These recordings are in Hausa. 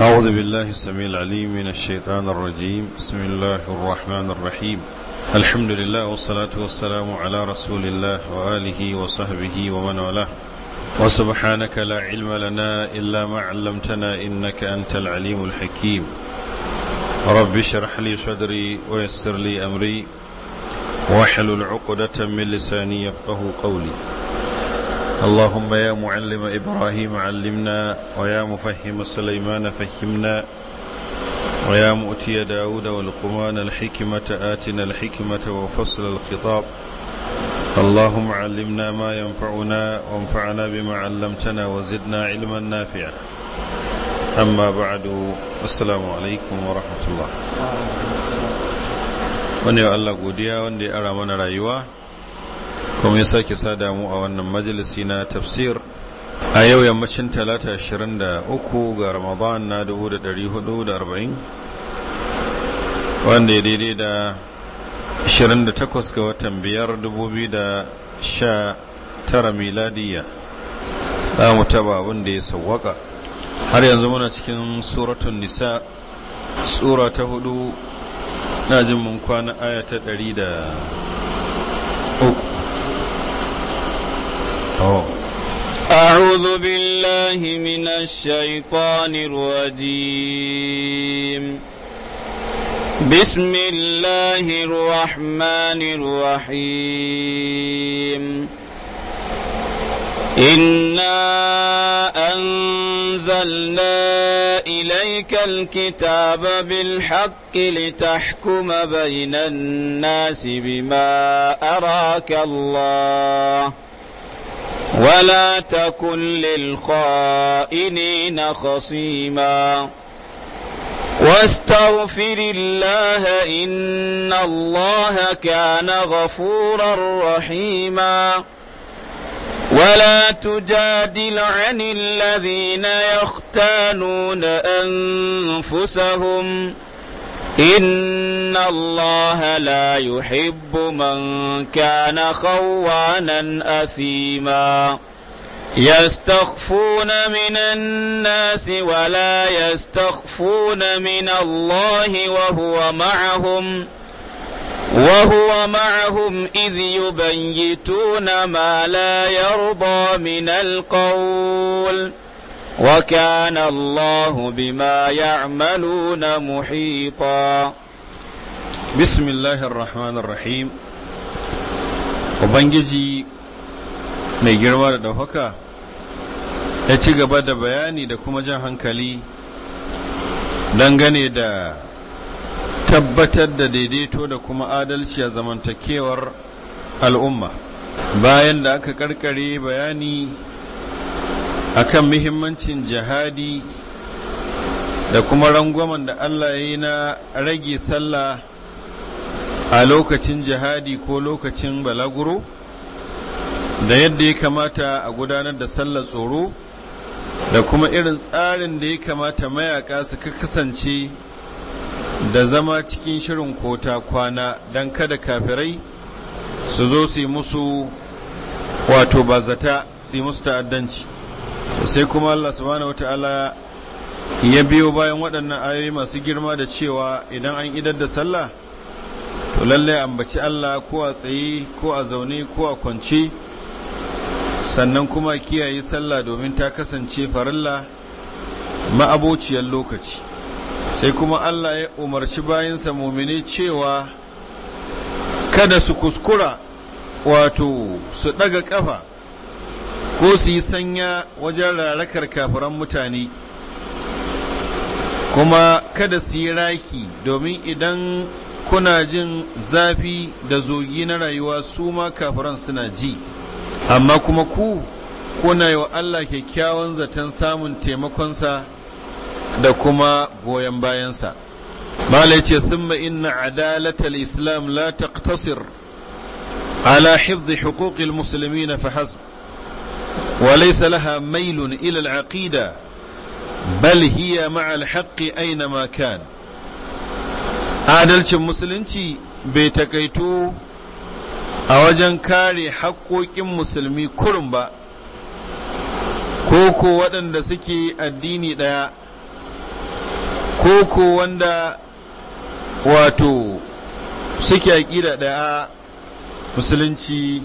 أعوذ بالله السميع العليم من الشيطان الرجيم بسم الله الرحمن الرحيم الحمد لله والصلاة والسلام على رسول الله وآله وصحبه ومن والاه وسبحانك لا علم لنا إلا ما علمتنا إنك أنت العليم الحكيم رب اشرح لي صدري ويسر لي أمري واحلل عقدة من لساني يفقه قولي اللهم يا معلم إبراهيم علمنا ويا مفهم سليمان فهمنا ويا مؤتي داود والقمان الحكمة آتنا الحكمة وفصل الخطاب اللهم علمنا ما ينفعنا وانفعنا بما علمتنا وزدنا علما نافعا أما بعد السلام عليكم ورحمة الله ونيو الله قديا وندي أرامنا رأيوه kuma ya sake sada mu a wannan majalisi na tafsir a yau yammacin talata 23 ga ramadan na 1440 wanda ya daidai da 28 ga watan 5 2019 miladiya za mu taba abin da ya sawwaka har yanzu muna cikin suratun nisa tsura ta hudu na jin mun kwana aya ta da uku أعوذ بالله من الشيطان الرجيم بسم الله الرحمن الرحيم إنا أنزلنا إليك الكتاب بالحق لتحكم بين الناس بما أراك الله ۖ ولا تكن للخائنين خصيما واستغفر الله إن الله كان غفورا رحيما ولا تجادل عن الذين يختانون أنفسهم إن الله لا يحب من كان خوانا أثيما يستخفون من الناس ولا يستخفون من الله وهو معهم وهو معهم إذ يبيتون ما لا يرضى من القول ۖ وكان الله بما يعملون محيطا بسم الله الرحمن الرحيم ubangiji mai girma da ɗaukaka ya ci gaba da bayani da kuma jan hankali dangane da tabbatar da daidaito da kuma adalci a zamantakewar al'umma bayan da aka karkare bayani akan muhimmancin jihadi da kuma rangwamen da Allah ya yi na rage sallah a lokacin jihadi ko lokacin balaguro da yadda ya kamata a gudanar da sallah tsoro da kuma irin tsarin da ya kamata mayaka su kasance da zama cikin shirin kota kwana don kada kafirai su zo su yi musu wato bazata su yi musu ta'addanci sai kuma Allah subhanahu wata'ala ya biyo bayan waɗannan ayoyi masu girma da cewa idan an idar da sallah to lallai ambaci Allah ko a tsaye ko a zaune ko a kwance sannan kuma kiyaye sallah domin ta kasance farilla ma'abociyar lokaci sai kuma Allah ya umarci bayansa mumini cewa kada su kuskura wato su ɗaga ƙafa ko su yi sanya wajen rarakar kafiran mutane kuma kada su yi raki domin idan kuna jin zafi da zogi na rayuwa su ma kafiran suna ji amma kuma ku kuna yi wa Allah kyakkyawan zaton samun taimakonsa da kuma goyon bayansa malai ce thumma inna adalatal islam la taqtasir ala hifzi huquqil musulmi na hasb وليس لها ميل إلى العقيدة بل هي مع الحق أينما كان adalcin musulunci bai takaito a wajen kare haƙoƙin musulmi kurum ba ko ko waɗanda suke addini ɗaya ko ko wanda wato suke aƙida ɗaya musulunci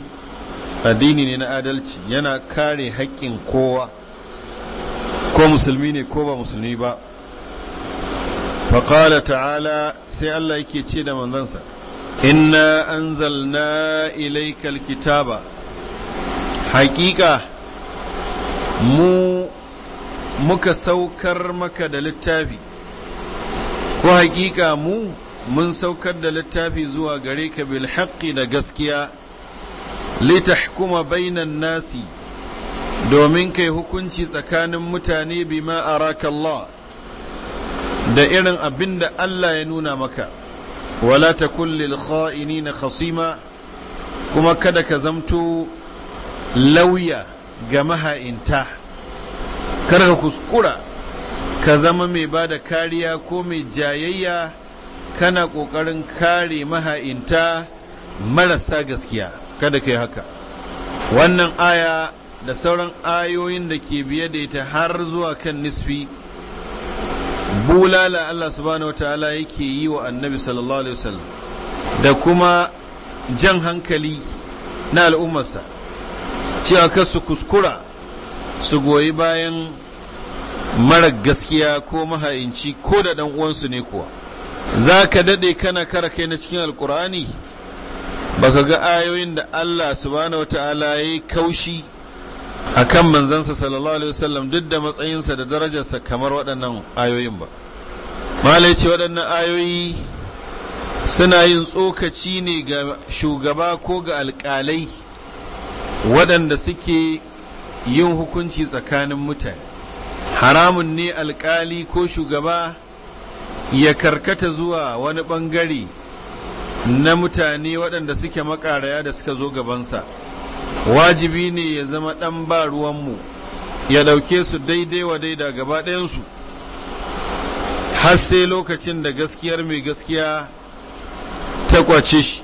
addini ne na adalci yana kare haƙƙin kowa ko musulmi ne ko ba musulmi ba faƙala ta'ala sai Allah yake ce da manzansa inna anzalna ilaikal kitaba haƙiƙa mu muka saukar maka da littafi ko haƙiƙa mu mun saukar da littafi zuwa gare ka bil da gaskiya litahkuma bainan nasi domin kai hukunci tsakanin mutane bima araka Allah da irin abin da Allah ya nuna maka wala takun lil na khasima kuma kada ka zamto lauya ga maha'inta kar ka kuskura ka zama mai ba da kariya ko mai jayayya kana ƙoƙarin kare maha'inta marasa gaskiya kada ka yi haka wannan aya da sauran ayoyin da ke biye da ita har zuwa kan nisfi bulala Allah subhanahu wa ta'ala yake yi wa annabi sallallahu alaihi wasallam da kuma jan hankali na al'ummarsa cewa kar su kuskura su goyi bayan mara gaskiya ko maha'inci ko da uwansu ne kuwa za ka daɗe kana kara kai na cikin Alƙur'ani? baka ga ayoyin da Allah subhanahu wataala ya yi kaushi a kan manzansa sallallahu alaihi wasallam duk da matsayinsa da darajarsa kamar waɗannan ayoyin ba malai ce waɗannan ayoyi suna yin tsokaci ne ga shugaba ko ga alƙalai waɗanda suke yin hukunci tsakanin mutane haramun ne alƙali ko shugaba ya karkata zuwa wani ɓangare na mutane waɗanda suke makaraya da suka zo gabansa wajibi ne ya zama ɗan ba ruwanmu ya ɗauke su daidai wa daida gaba ɗayansu har sai lokacin da gaskiyar mai gaskiya ta kwace shi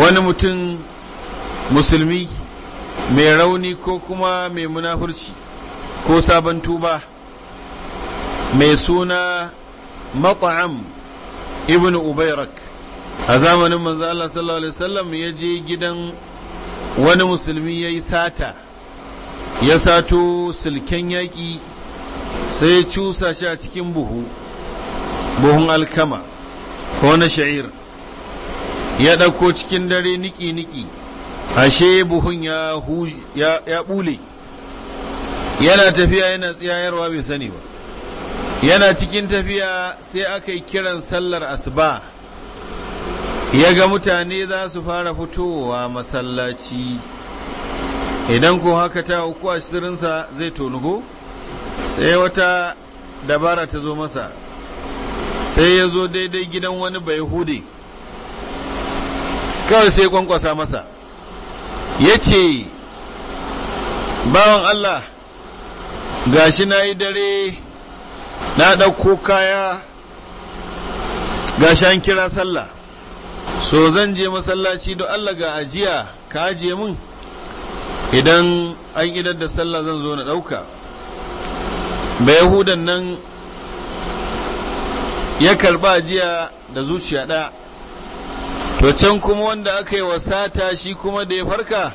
wani mutum musulmi mai rauni ko kuma mai munafurci ko sabon tuba mai suna mat'am ibn ubairak a zamanin manzo Allah sallallahu alaihi wasallam ya je gidan wani musulmi ya yi sata ya sato silken yaƙi sai ya cusa shi a cikin buhu buhun alkama ko na sha'ir ya ɗauko cikin dare niki-niki ashe buhun ya bule yana tafiya yana tsayarwa bai sani ba yana cikin tafiya sai aka yi kiran sallar asuba ya ga mutane za su fara fitowa masallaci idan ko haka ta uku a shirinsa zai tonugo sai wata dabara ta zo masa sai ya zo daidai gidan wani bai hude kawai sai kwankwasa masa ya ce bawan allah gashi na yi dare na ɗauko kaya gashi an kira sallah so zan je masallaci don Allah ga ajiya ka ajiye mun idan an idar da sallah zan zo na ɗauka ba yahudan nan ya karba ajiya da zuciya ɗaya to can kuma wanda aka yi wasata shi kuma da ya farka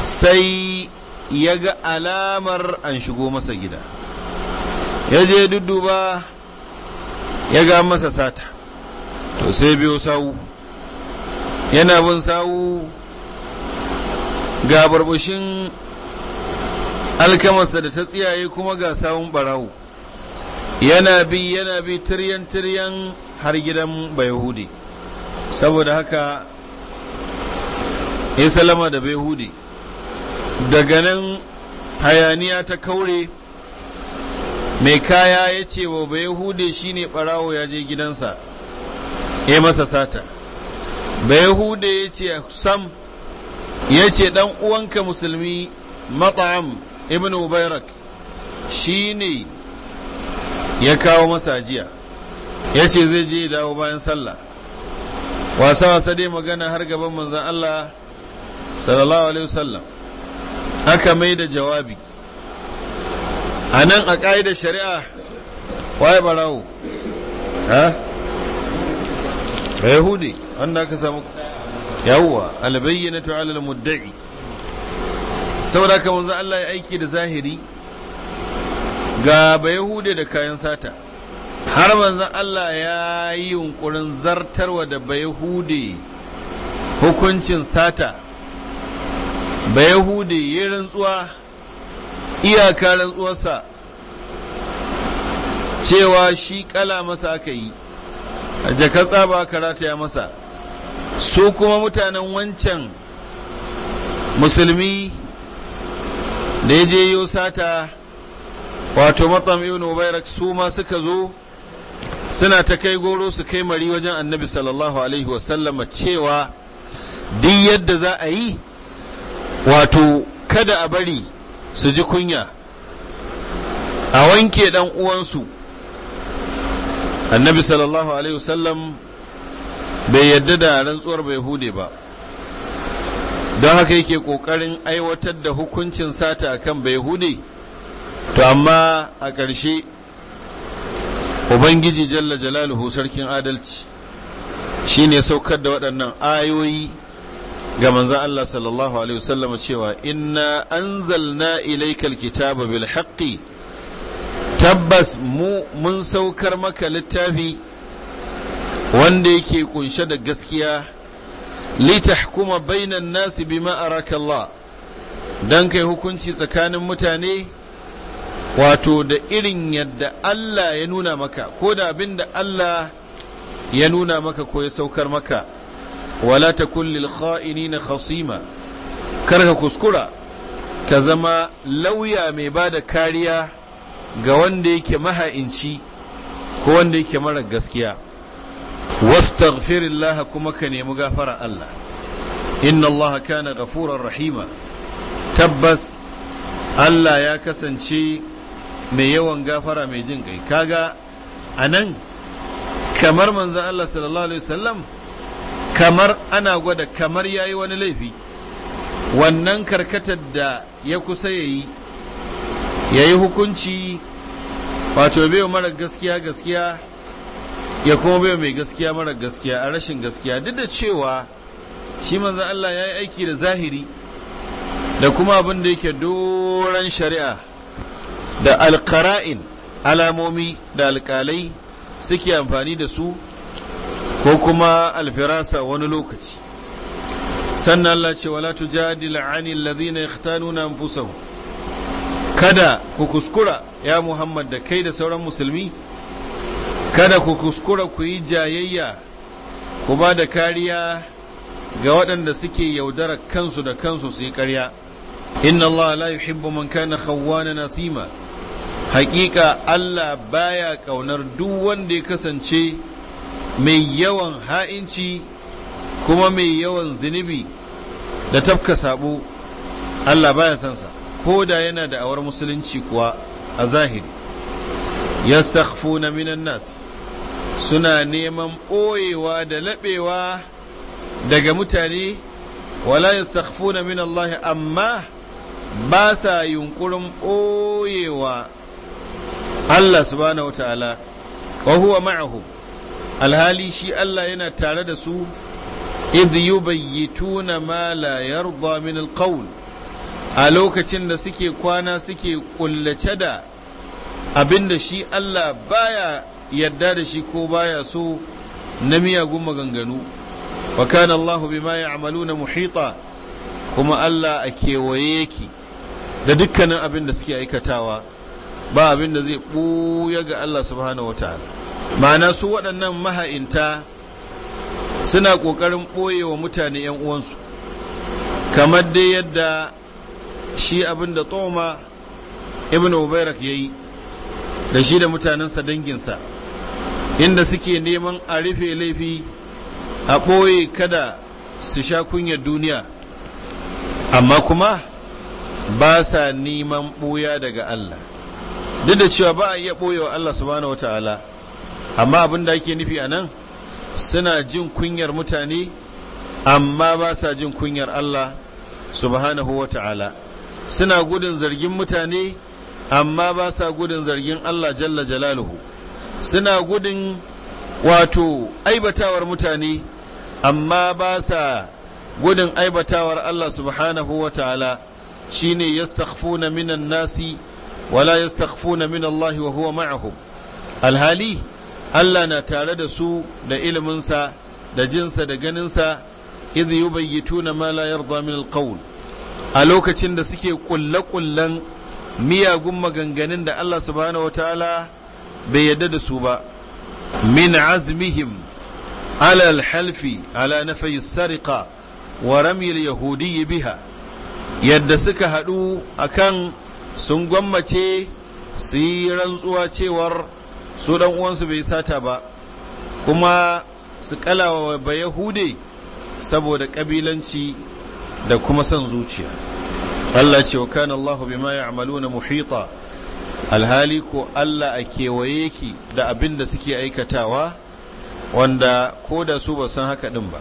sai ya ga alamar an shigo masa gida ya je dudduba ya ga masa sata to sai biyo sawu yana bin sawu ga barbushin alkamarsa da ta tsiyaye kuma ga sawun barawo yana bi yana bi tiryan tiryan har gidan bayahudi saboda haka ya salama da bayahudi daga nan hayaniya ta kaure mai kaya ya ce wa bayahudi shine barawo ya je gidansa ya masa sata bai hude ya ce sam ya ce dan uwanka musulmi mat'am ibn ubairak shi ne ya kawo masa jiya ya ce zai je dawo bayan sallah wasa wasa dai magana har gaban manzan Allah sallallahu alaihi wasallam aka mai da jawabi a nan a ƙa'idar shari'a waye barawo ba yahudi wanda aka samu yawwa albayyana ta alal mudda'i saboda kamar zan Allah ya aiki da zahiri ga ba yahudi da kayan sata har manzan Allah ya yi yunkurin zartarwa da ba yahudi hukuncin sata ba yahudi ya rantsuwa iyaka rantsuwarsa cewa shi kala masa aka yi jaka tsaba karataya ya masa su kuma mutanen wancan musulmi da ya je yi sata wato matsam ibn mubarak su ma suka zo suna ta kai goro su kai mari wajen annabi sallallahu alaihi wasallama cewa duk yadda za a yi wato kada a bari su ji kunya a wanke dan uwansu annabi sallallahu alaihi wasallam bai yadda da rantsuwar bai hude ba don haka yake ƙoƙarin aiwatar da hukuncin sata kan bai hude to amma a ƙarshe ubangiji jalla jalaluhu sarkin adalci shi ne saukar da waɗannan ayoyi ga manzan Allah sallallahu alaihi wasallam cewa inna anzalna ilaikal kitaba bil haqqi tabbas mu mun saukar maka littafi wanda yake kunshe da gaskiya litahkuma bainan nasi bima araka Allah dan kai hukunci tsakanin mutane wato da irin yadda Allah ya nuna maka ko da abin da Allah ya nuna maka ko ya saukar maka wala ta lil kha'inina khasima kar ka kuskura ka zama lauya mai ba da kariya ga wanda yake maha'inci ko wanda yake mara gaskiya wastaghfirillaha kuma ka nemi gafara Allah inna Allah kana ghafurar rahima tabbas Allah ya kasance mai yawan gafara mai jin kai kaga anan kamar manzan Allah sallallahu alaihi wasallam kamar ana gwada kamar yayi wani laifi wannan karkatar da ya kusa yayi ya yi hukunci wato bai mara gaskiya gaskiya ya kuma bai mai gaskiya mara gaskiya a rashin gaskiya duk da cewa shi manzo Allah ya yi aiki da zahiri da kuma abin da yake doran shari'a da alkara'in alamomi da alkalai suke amfani da su ko kuma alfirasa wani lokaci sannan Allah ce wala tujadil anil ladina yaktanuna anfusahum kada ku kuskura ya muhammad da kai da sauran musulmi kada ku kuskura ku yi jayayya ku ba da kariya ga waɗanda suke yaudara kansu da kansu su yi ƙarya inna allah la yuhibbu man kana khawwana nasima haƙiƙa allah baya ƙaunar duk wanda ya kasance mai yawan ha'inci kuma mai yawan zunubi da tafka sabo allah baya sansa ko da yana da awar musulunci kuwa a zahiri yastakhfuna minan nas suna neman ɓoyewa da laɓewa daga mutane wala yastakhfuna min Allah amma ba sa yunkurin ɓoyewa Allah subhanahu wata'ala wa huwa ma'ahu alhali shi Allah yana tare da su idh yubayyituna ma la yarda min alqawl a lokacin da suke kwana suke kullace da abin da shi Allah baya yadda da shi ko baya so na miyagun maganganu wa kana Allah bima ya'maluna muhita kuma Allah a kewaye yake da dukkanin abin da suke aikatawa ba abin da zai buya ga Allah subhanahu wataala ma'ana su waɗannan maha'inta suna ƙoƙarin ɓoye wa mutane 'yan uwansu kamar dai yadda shi abin da tsoma ibn ubairak ya yi da shi da mutanensa danginsa inda suke neman a rufe laifi a ɓoye kada su sha kunyar duniya amma kuma ba sa neman ɓoya daga Allah duk da cewa ba a iya wa Allah subhanahu wa ta'ala amma abin da ake nufi a nan suna jin kunyar mutane amma ba sa jin kunyar Allah subhanahu wa ta'ala suna gudun zargin mutane amma ba sa gudun zargin Allah jalla jalaluhu suna gudun wato aibatawar mutane amma ba sa gudun aibatawar Allah subhanahu wa ta'ala shine yastakhfuna minan nasi wala yastakhfuna min Allah wa huwa ma'ahum alhali Allah na tare da su da iliminsa da jinsa da ganinsa idh yubayyituna ma la yarda min alqawl a lokacin da suke kulle-kullen miyagun maganganun da Allah subhanahu wa ta'ala bai yadda da su ba min azmihim ala alhalfi ala na sarika wa ramil yahudi biha yadda suka haɗu a kan sun gwammace su yi rantsuwa cewar su ɗan uwansu bai sata ba kuma su kalawa ba yahude saboda ƙabilanci da kuma son zuciya Allah ce wa kana Allahu bima ya'maluna muhita alhali ko Allah a kewaye ki da abin da suke aikatawa wanda ko da su ba san haka din ba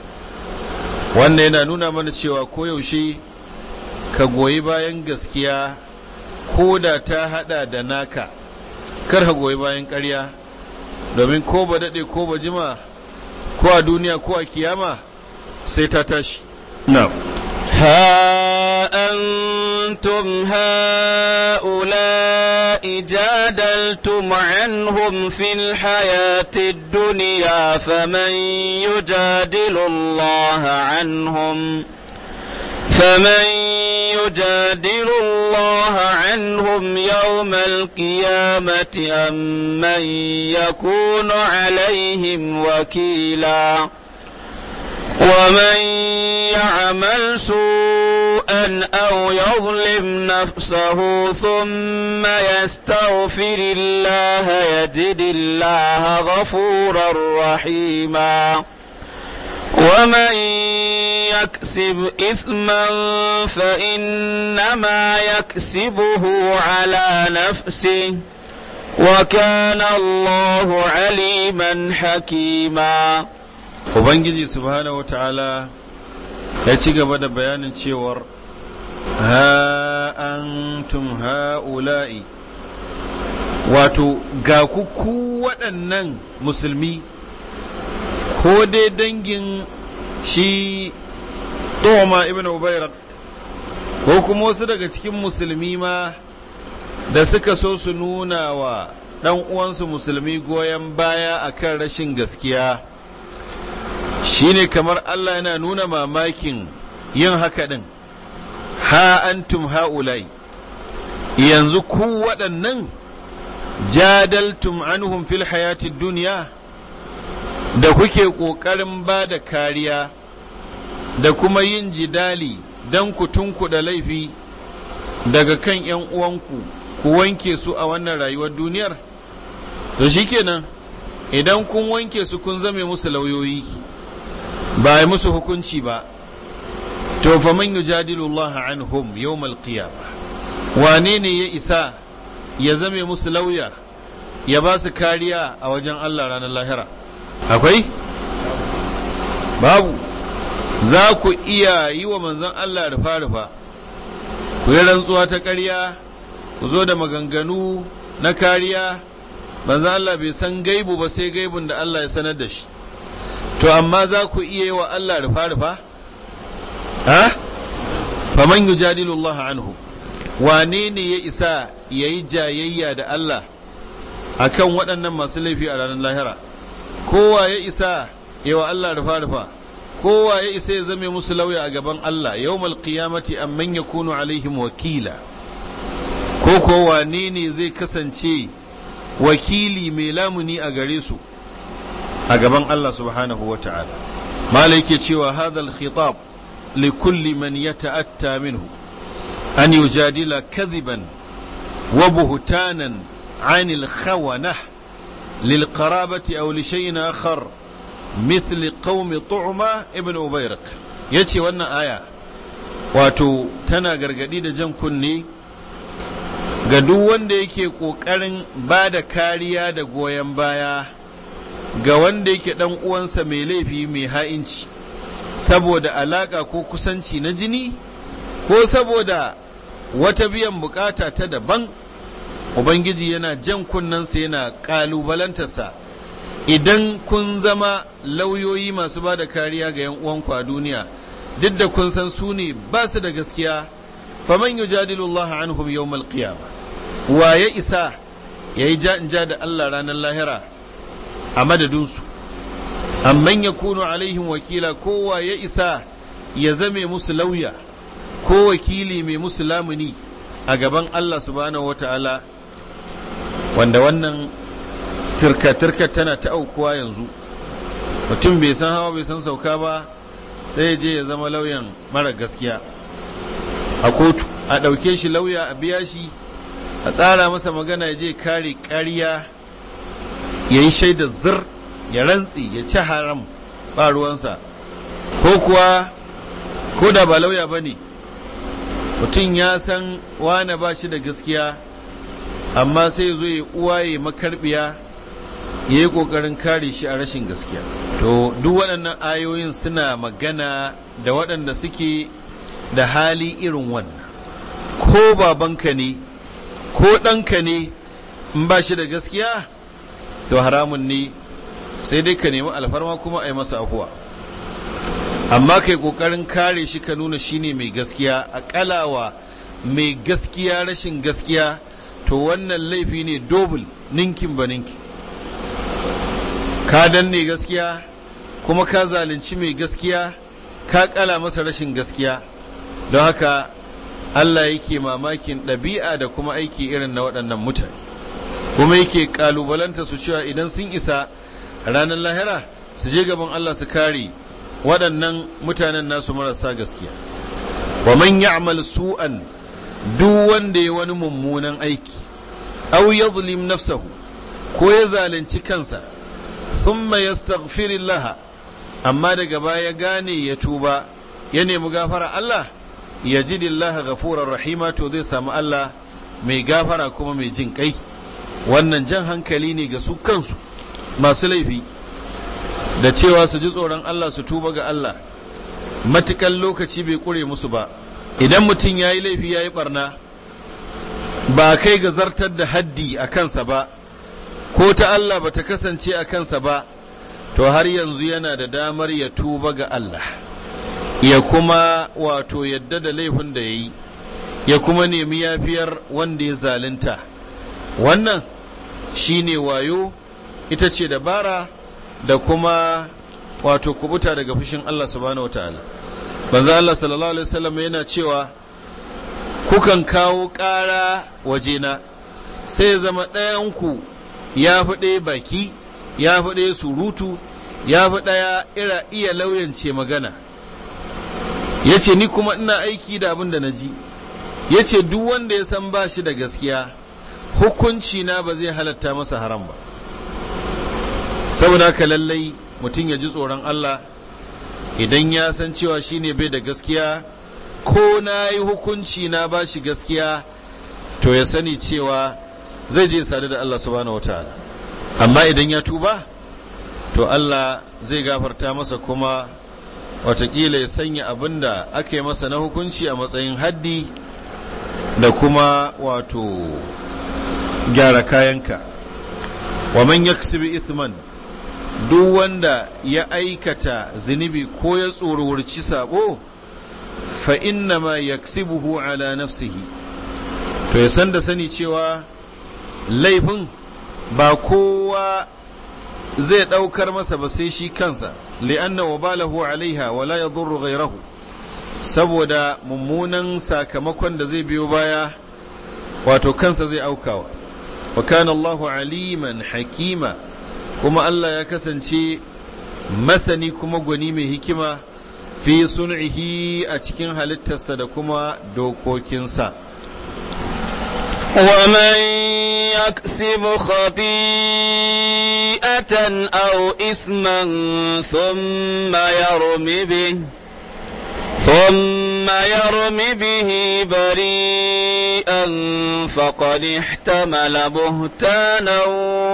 wannan yana nuna mana cewa ko yaushe ka goyi bayan gaskiya ko da ta hada da naka kar ka goyi bayan karya domin ko ba daɗe ko ba jima ko a duniya ko a kiyama sai ta tashi na'am ها أنتم هؤلاء جادلتم عنهم في الحياة الدنيا فمن يجادل الله عنهم فمن يجادل الله عنهم يوم القيامة أم من يكون عليهم وكيلاً ومن يعمل سوءا أو يظلم نفسه ثم يستغفر الله يجد الله غفورا رحيما ومن يكسب إثما فإنما يكسبه على نفسه وكان الله عليما حكيما ubangiji subhanahu ta'ala ya ci gaba da bayanin cewar ha antum ha'ula'i wato ga ku waɗannan musulmi ko dai dangin shi doma ibn ubairat ko kuma wasu daga cikin musulmi ma da suka so su nuna wa ɗan uwansu musulmi goyon baya akan rashin gaskiya Shi ne kamar Allah yana nuna mamakin yin haka ɗin ha antum haulai yanzu ku waɗannan jadaltum anhum fil hayati duniya da kuke ƙoƙarin ba da kariya da kuma yin jidali don ku tunkuɗa laifi daga kan 'yan uwanku ku wanke su a wannan rayuwar duniyar to shikenan idan kun wanke su kun zame musu lauyoyi ba yi musu hukunci ba to fa man yujadilu Allah anhum yawmal ba. wane ne ya isa ya zame musu lauya ya ba su kariya a wajen Allah ranar lahira akwai babu za ku iya yi wa manzon Allah rufa-rufa ku yi rantsuwa ta ƙarya ku zo da maganganu na kariya manzon Allah bai san gaibu ba sai gaibun da Allah ya sanar da shi to amma za ku iya yi wa Allah rufa-rufa? ha? faman yi jadilullah anhu wane ne ya isa ya yi jayayya da Allah a kan waɗannan masu laifi a ranar lahira kowa ya isa ya wa Allah rufa-rufa kowa ya isa ya zame musu lauya a gaban Allah yau malkiyamati amman ya kunu alaihim wakila ko kowa ne ne zai kasance wakili mai lamuni a gare su a gaban Allah subhanahu wa ta'ala malai ke cewa hadal khitab li kulli man ya ta'atta minhu an jadila kaziban wa buhtanan Lil الخونة للقرابة أو لشيء آخر مثل قوم Ibn ابن Ya ce wannan aya. wato tana gargadi da jan kunne ga duk wanda yake ƙoƙarin ba da kariya da goyon baya ga wanda yake dan uwansa mai laifi mai ha'inci saboda alaka ko kusanci na jini ko saboda wata biyan bukata ta daban ubangiji yana jan kunnensa yana kalubalantarsa idan kun zama lauyoyi masu ba da kariya ga 'yan uwanku a duniya duk da kun san su ne ba su da gaskiya faman yujadilu anhu anhum yawmal qiyamah wa ya isa ya yayi ja da Allah ranar lahira a madadinsu amman ya kunu alaihim wakila kowa ya isa ya zame musu lauya ko wakili mai musu lamuni a gaban Allah subhanahu wata'ala wanda wannan turka-turka tana ta aukuwa yanzu mutum bai san hawa bai san sauka ba sai je ya zama lauyan mara gaskiya a kotu a ɗauke shi lauya a biya shi a tsara masa magana ya je kare ƙarya ya yi shaidar zir ya rantsi ya ci haram ba ruwansa ko kuwa ko da ba lauya ba ne mutum ya san wane ba shi da gaskiya amma sai zo ya uwa ya makarbiya ya yi ƙoƙarin kare shi a rashin gaskiya to duk waɗannan ayoyin suna magana da waɗanda suke da hali irin wannan ko babanka ne ko ɗanka ne in ba shi da gaskiya to haramun ne sai dai ka nemi alfarma kuma a yi masa akuwa, amma kai kokarin kare shi ka nuna shine mai gaskiya a kalawa mai gaskiya rashin gaskiya to wannan laifi ne dobul ninkin ba ninki ka danne gaskiya kuma ka zalunci mai gaskiya ka kala masa rashin gaskiya don haka allah yake mamakin ɗabi'a da kuma aiki irin na waɗannan mutane kuma yake kalubalanta su cewa idan sun isa ranar lahira su je gaban Allah su kare waɗannan mutanen nasu marasa gaskiya wa man ya'mal su'an duk wanda ya wani mummunan aiki aw yadhlim nafsahu ko ya zalunci kansa thumma yastaghfirillah amma daga baya gane ya tuba ya nemi gafara Allah ya ji dillaha ghafurar rahima to zai samu Allah mai gafara kuma mai jin kai wannan jan hankali ne ga su kansu masu laifi da cewa su ji tsoron Allah su tuba ga Allah matukan lokaci bai kure musu ba idan mutum ya yi laifi ya yi barna ba kai ga zartar da haddi a kansa ba ko ta Allah ba ta kasance a kansa ba to har yanzu yana da damar ya tuba ga Allah ya kuma wato yadda da laifin da ya yi ya kuma nemi yafiyar wanda ya zalunta wannan shine wayo ita ce dabara da kuma wato kubuta daga fushin Allah subhanahu wataala banza Allah sallallahu alaihi wasallam yana cewa kukan kawo ƙara wajena sai zama ɗayanku ya fi ɗaya baki ya fi ɗaya surutu ya fi ɗaya ira iya lauyance magana ya ce ni kuma ina aiki da abin da na ji ya ce duk wanda ya san ba shi da gaskiya hukunci na ba zai halatta masa haram ba saboda haka lallai mutum ya ji tsoron Allah idan ya san cewa shi ne bai da gaskiya ko na yi hukunci na ba shi gaskiya to ya sani cewa zai je sadu da Allah subhanahu wataala amma idan ya tuba to Allah zai gafarta masa kuma watakila ya sanya abin da aka masa na hukunci a matsayin haddi da kuma wato gyara kayanka wa man yaksibi ithman duk wanda ya aikata zunubi ko ya tsorurci sabo fa inna ma yaksibuhu ala nafsihi to ya san da sani cewa laifin ba kowa zai ɗaukar masa ba sai shi kansa li'anna balahu alaiha wala yadhurru ghayrahu saboda mummunan sakamakon da zai biyo baya wato kansa zai aukawa wa kana Allahu aliman hakima kuma Allah ya kasance masani kuma gwani mai hikima fi sun'ihi a cikin halittarsa da kuma dokokinsa ومن يكسب خطيئة أو إثما ثم يرم به ثم يرم به بريئا فقد احتمل بهتانا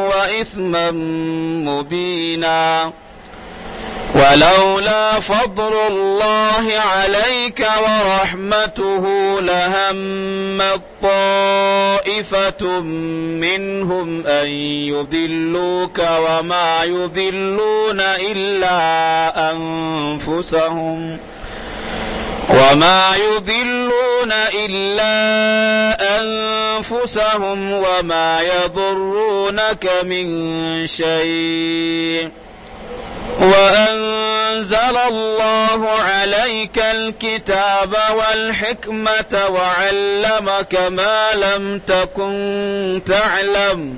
وإثما مبينا ولولا فضل الله عليك ورحمته لهم طائفة منهم أن يضلوك وما يضلون إلا أنفسهم ۖ وما يضلون إلا أنفسهم وما يضرونك من شيء وأنزل الله عليك الكتاب والحكمة وعلمك ما لم تكن تعلم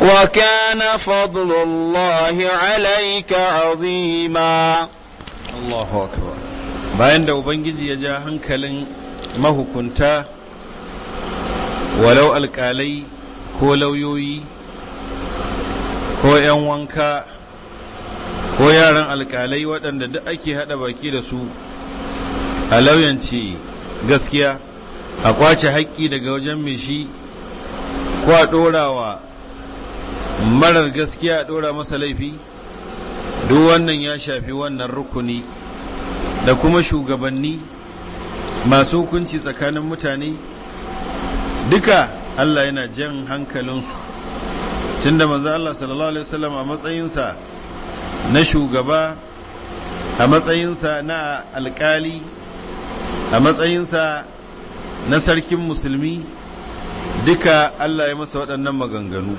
وكان فضل الله عليك عظيما الله أكبر bayan da ubangiji ya ja hankalin mahukunta walau alkalai ko lauyoyi ko 'yan wanka ko yaran alkalai waɗanda duk ake haɗa baki da su a lauyance gaskiya a kwace haƙƙi daga wajen mai shi ko a ɗorawa marar gaskiya a ɗora masa laifi duk wannan ya shafi wannan rukuni da kuma shugabanni masu hukunci tsakanin mutane duka Allah yana jan hankalinsu tunda manzo Allah sallallahu alaihi wasallam a matsayinsa na shugaba a matsayinsa na alkali a matsayinsa na sarkin musulmi duka Allah ya masa waɗannan maganganu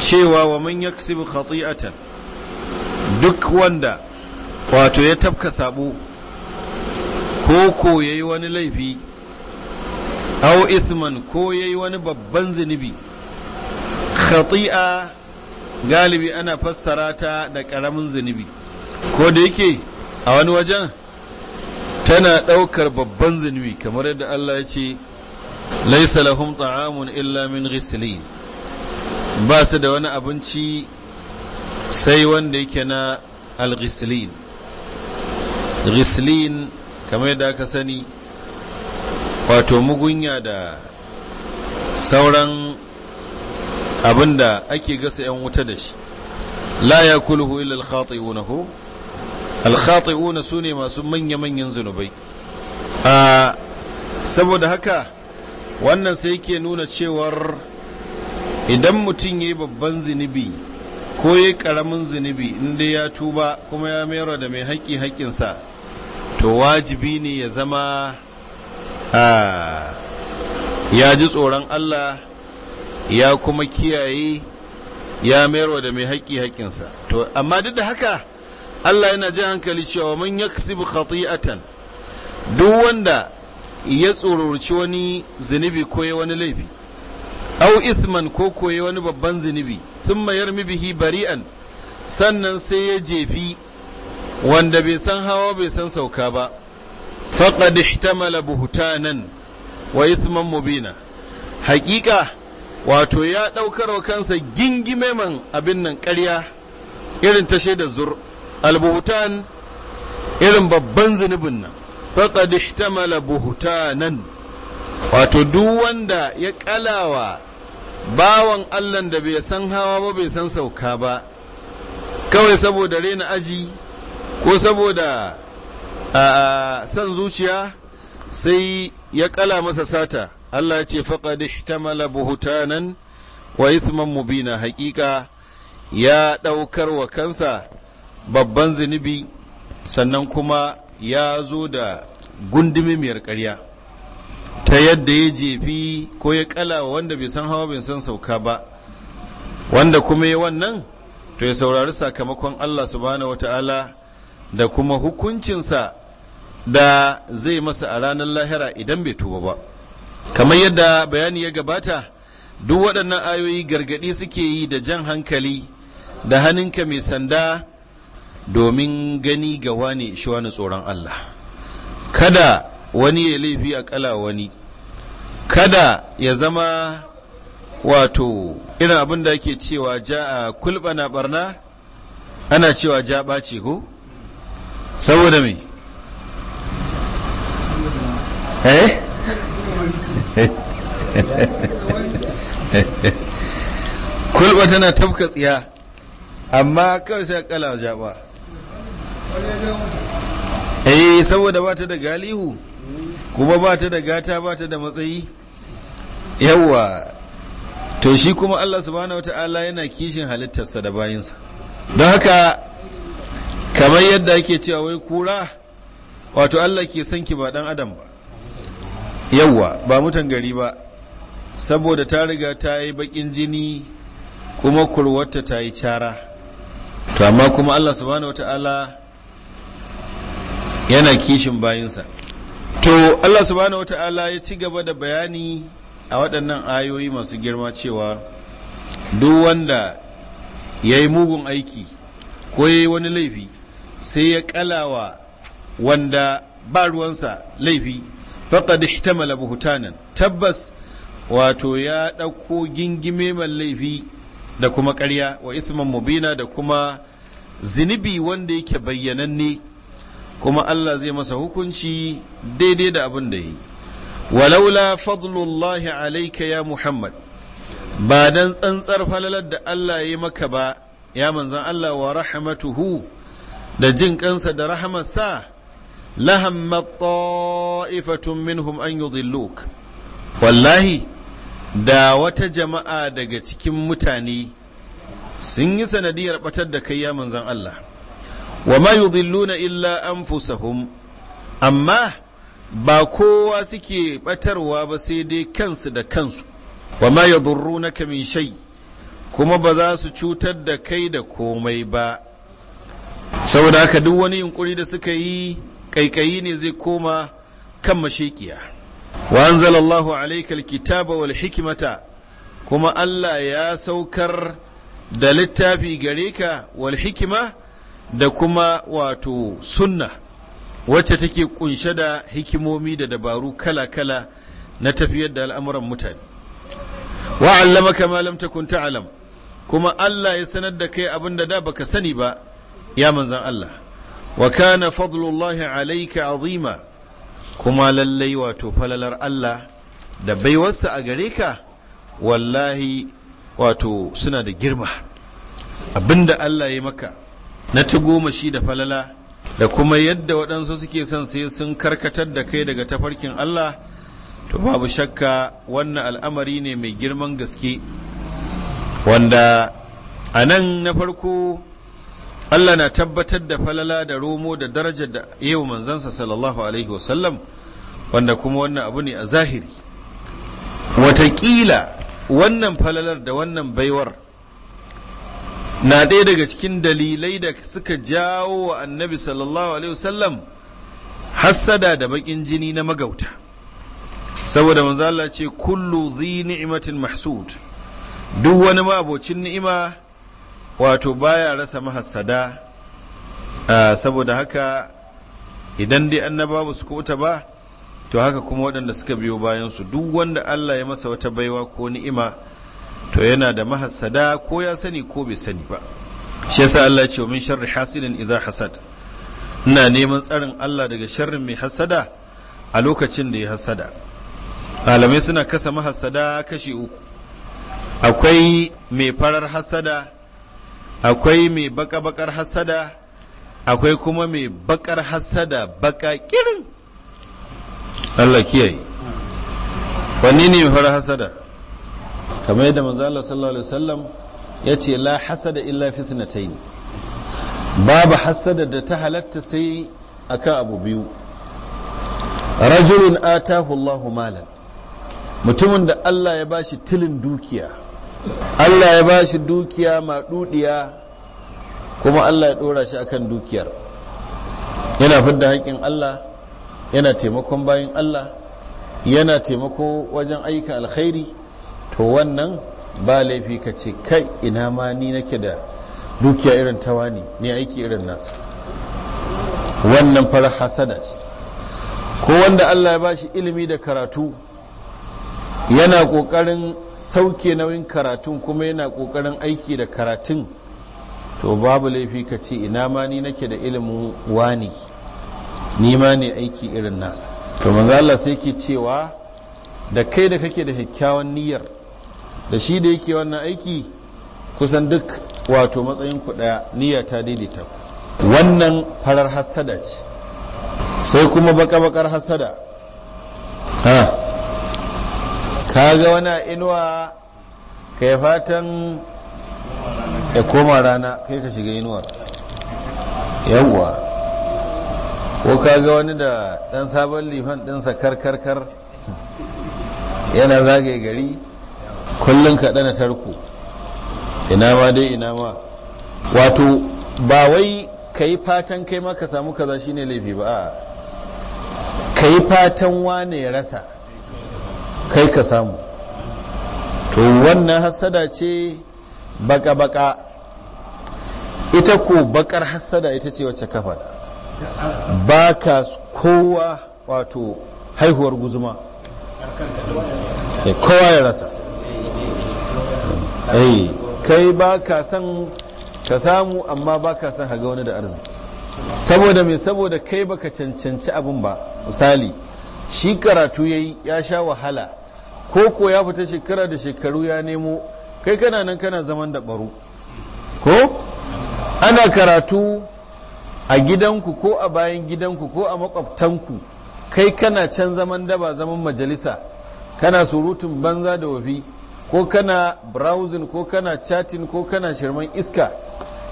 cewa wa man yaksibu khati'atan duk wanda wato ya tafka sabo ko ko ya yi wani laifi au isman ko ya yi wani babban zunubi khati'a galibi ana fassara ta da ƙaramin zunubi ko da yake a wani wajen tana ɗaukar babban zunubi kamar yadda Allah ya ce laisa lahum ta'amun illa min ghislin ba su da wani abinci sai wanda yake na al rislin kamar yadda aka sani wato mugunya da sauran abin da ake gasa 'yan wuta da shi la ya kulhu illa khati'una ko alkhati'una su ne masu manya-manyan zunubai a saboda haka wannan sai ke nuna cewar idan mutum ya yi babban zunubi ko ya yi ƙaramin zunubi inda ya tuba kuma ya mayar da mai haƙƙi haƙƙinsa to wajibi ne ya zama ya ji tsoron Allah ya kuma kiyaye ya mayarwa da mai haƙƙi haƙƙinsa to amma duk da haka Allah yana jin hankali cewa man yaksibu khati'atan duk wanda ya tsororci wani zunubi ko ya wani laifi au isman ko koyi wani babban zunubi sun mayar mibihi bari'an sannan sai ya jefi wanda bai san hawa bai san sauka ba faqad ihtamala buhtanan wa isman bina haƙiƙa wato ya ɗaukar wa kansa gingime man abin nan ƙarya irin ta shaidar zur albuhutan irin babban zunubin nan faqad ihtamala buhtanan wato duk wanda ya ƙalawa bawan Allah da bai san hawa ba bai san sauka ba kawai saboda rena aji ko saboda a san zuciya sai ya kala masa sata Allah ce faqad ihtamala buhutanan wa bi mubina haƙiƙa ya ɗaukar wa kansa babban zunubi sannan kuma ya zo da gundumimiyar ƙarya ta yadda ya jefi ko ya kala wanda bai san hawa bai san sauka ba wanda kuma ya wannan to ya saurari sakamakon Allah subhanahu wata'ala da kuma hukuncinsa da zai masa a ranar lahira idan bai tuba ba kamar yadda bayani ya gabata duk waɗannan ayoyi gargaɗi suke yi da jan hankali da hannunka mai sanda domin gani ga wani shi wani tsoron Allah kada wani ya laifi a kala wani kada ya zama wato irin abin da ake cewa ja a kulɓana barna ana cewa ja ɓaci ko saboda me eh kulba tana tafka tsiya amma kawai sai kala jaba eh saboda ba ta da galihu kuma ba ta da gata ba ta da matsayi yawwa to shi kuma Allah subhanahu wata'ala yana kishin halittarsa da bayinsa don haka kamar yadda ake cewa wai kura wato Allah ke san ki ba dan adam ba yawwa ba mutan gari ba saboda ta riga ta yi bakin jini kuma kurwata ta yi cara to amma kuma Allah subhanahu wata'ala yana kishin bayinsa to Allah subhanahu wata'ala ya ci gaba da bayani a waɗannan ayoyi masu girma cewa duk wanda ya yi mugun aiki ko ya yi wani laifi sai ya kalawa wanda ba ruwansa laifi faqad ihtamala buhtanan tabbas wato ya dauko gingime mai laifi da kuma ƙarya wa isman mubina da kuma zinibi wanda yake bayyananne kuma Allah zai masa hukunci daidai da abin da yi walaula fadlullahi alaika ya muhammad ba dan tsantsar falalar da Allah ya maka ba ya manzan Allah wa rahmatuhu da jin kansa da rahamarsa lahamma ta'ifatun minhum an yudilluk wallahi da wata jama'a daga cikin mutane sun yi sanadiyar batar da kai ya manzan Allah wa ma na illa an anfusahum amma ba kowa suke batarwa ba sai dai kansu da kansu wa ma yadurrunaka min shai kuma ba za su cutar da kai da komai ba saboda haka duk wani yunkuri da suka yi kaikayi ne zai koma kan mashekiya wa anzalallahu alayka alkitaba wal kuma Allah ya saukar da littafi gare ka wal hikima da kuma wato sunna wacce take kunshe da hikimomi da dabaru kala-kala na tafiyar da al'amuran mutane wa'allama kama lam takun ta'alam kuma Allah ya sanar da kai abin da da baka sani ba ya manzan Allah Wakana, fadlullahi alaika azima kuma lallai wato falalar Allah da baiwarsa a gare ka wallahi wato suna da girma abinda Allah ya maka na ta goma shi da falala da kuma yadda waɗansu suke son sai sun karkatar da kai daga tafarkin Allah to babu shakka wannan al'amari ne mai girman gaske wanda a nan na farko Allah na tabbatar da falala da romo da darajar da yau manzansa sallallahu alaihi wasallam wanda kuma wannan abu ne a zahiri watakila wannan falalar da wannan baiwar na ɗaya daga cikin dalilai da suka jawo wa annabi sallallahu alaihi wasallam hassada da baƙin jini na magauta saboda manzala ce kullu zini ni'matin mahsud duk wani ma'abocin ni'ima wato baya rasa mahassada saboda haka idan dai an na babu su kuta ba to haka kuma waɗanda suka biyo bayansu duk wanda Allah ya masa wata baiwa ko ni'ima to yana da mahassada ko ya sani ko bai sani ba shi yasa Allah ce wa min sharri hasidin idza hasad ina neman tsarin Allah daga sharrin mai hasada a lokacin da ya hasada malamai suna kasa mahassada kashi uku akwai mai farar hasada akwai mai baka-bakar hasada akwai kuma mai bakar hasada baka kirin Allah kiyaye wani ne mai fara hasada kamar yadda manzala sallallahu alaihi wasallam ya ce la hasada illa fitnatain babu hasada da ta halatta sai akan abu biyu rajulun atahu Allahu malan mutumin da Allah ya bashi tilin dukiya Allah ya ba shi dukiya maɗuɗiya kuma Allah ya ɗora shi akan dukiyar yana fidda haƙƙin Allah yana taimakon bayan Allah yana taimako wajen aika alkhairi to wannan ba laifi ka ce kai ina ma ni nake da dukiya irin tawa ne ni aiki irin nasa wannan farar hasada ce ko wanda Allah ya ba shi ilimi da karatu yana ƙoƙarin sauke nauyin karatun kuma yana kokarin aiki da karatun to babu laifi ka ce ina ma ni nake da ilimin wani ni ma ne aiki irin nasa to manzo Allah sai ke cewa da kai da kake da kyakkyawan niyyar da shi da yake wannan aiki kusan duk wato matsayin ku niyya ta daidaita wannan farar hasada ce sai kuma baka bakar hasada ha ka ga wani inuwa ka fatan ya koma rana kai ka shiga inuwar yawwa ko ka ga wani da ɗan sabon lifan ɗinsa karkarkar yana zagaye gari kullum ka ɗana tarko ina ma dai ina ma wato ba wai ka yi fatan kai ma ka samu kaza shine laifi ba ka yi fatan wane rasa kai ka samu to wannan hasada ce baka-baka ita ko bakar hasada ita ce wacce ka faɗa ba ka kowa wato haihuwar guzuma eh, kowa ya rasa eh, kai ba ka san ka samu amma ba ka san haga wani da arziki saboda mai saboda kai baka cancanci abin ba misali shi karatu ya yi ya sha wahala ko ko ya fita shekara da shekaru ya nemo kai kana nan kana zaman da baro ko ana karatu a gidanku ko a bayan gidanku ko a makwabtanku kai kana can zaman daba zaman majalisa kana surutun banza da wafi ko kana browsing ko kana chatting ko kana shirman iska